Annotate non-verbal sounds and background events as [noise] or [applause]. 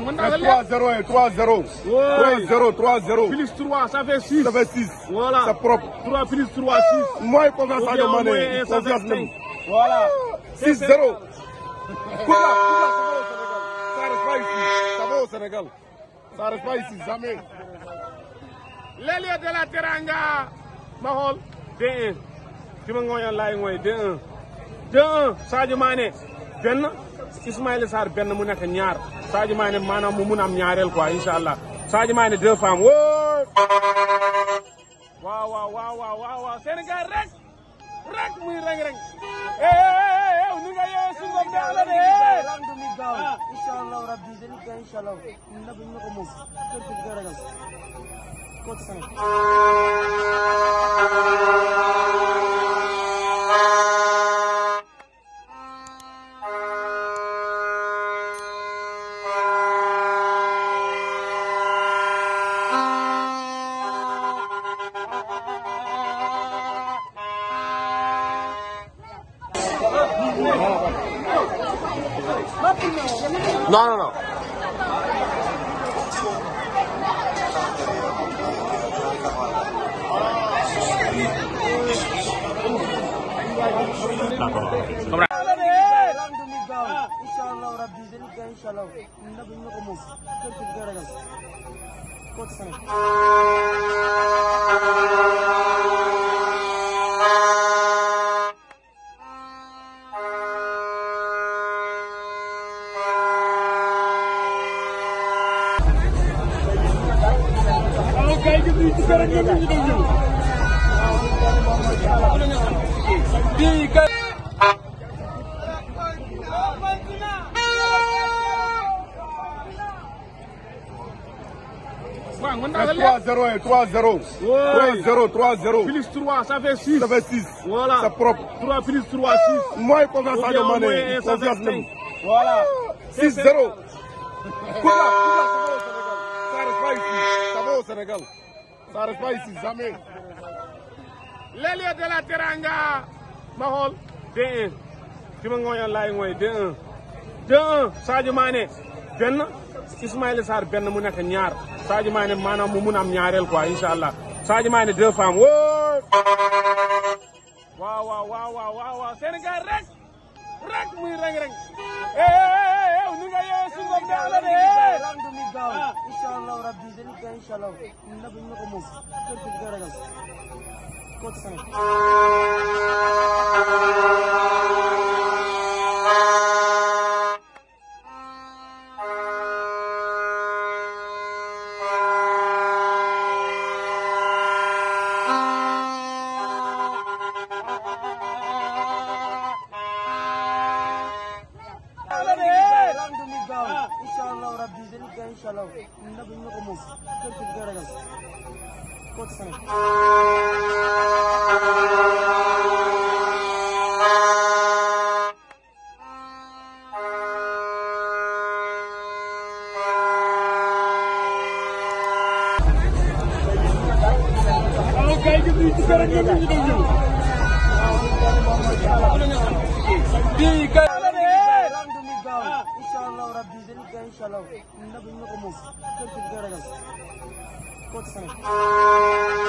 Mbengue mën naa la leer 3-0 et 3-0. oui 3-0 3-0. plus 3 ça fait 6. ça fait 6. voilà c'est propre. 3 plus 3 6. mooy confiance Sadio Mané confiance nañu. voilà 6-0. Ah. Koula [laughs] ça va au Sénégal ça reste pas ici jamais. l'ailier de la Teranga ma xool 2-1 ki ma ngooñoon laay ngooy 2-1 2-1 Sadio Mané benn. Ismaïla Sarr benn mu nekk ñaar Sadio Mané maanaam mu mun am ñaareel quoi incha allah Sadio Mané deux femmes wóor. waaw waaw waaw waaw waaw Sénégal rek rek muy reng reng. nu nga yee si ngoom de ala de. incha allah rabbi incha allah. No, no, no. Dobra. Inshallah rabbi dañu gën inshallah ndax ñu ko moom ko ci ragal ko ci 3-0 et 3-0. 3-0, 3-0. Plus 3, ça fait 6. Ça fait 6. Voilà. C'est propre. 3 plus 3, 6. Moi, confiance à demander. Confiance même. Voilà. 6-0. Quoi Sénégal. Ça reste pas ici, jamais. de la Teranga. ma xool 2-1 fi ma ngooñoon laay ngooy 2-1 2-1 benn Ismaïla Sarr benn mu nekk ñaar Sadio Mané maanaam mu mun am ñaareel quoi incha allah Sadio Mané woo. waaw Sénégal rek muy reng reng. Eh, eh, eh! mi nga yee si ngoom de ala de randu mi gaaw incha allah rabbi dañu koy incha allah na bu ñu ko moom kër gi ragal ko ci kanam incha allah ndax ñu ko moom kër gi doo ragal kooku Bi ga incha allah ndax bu ñu ko moom kër gi du ko ragal kooku tamit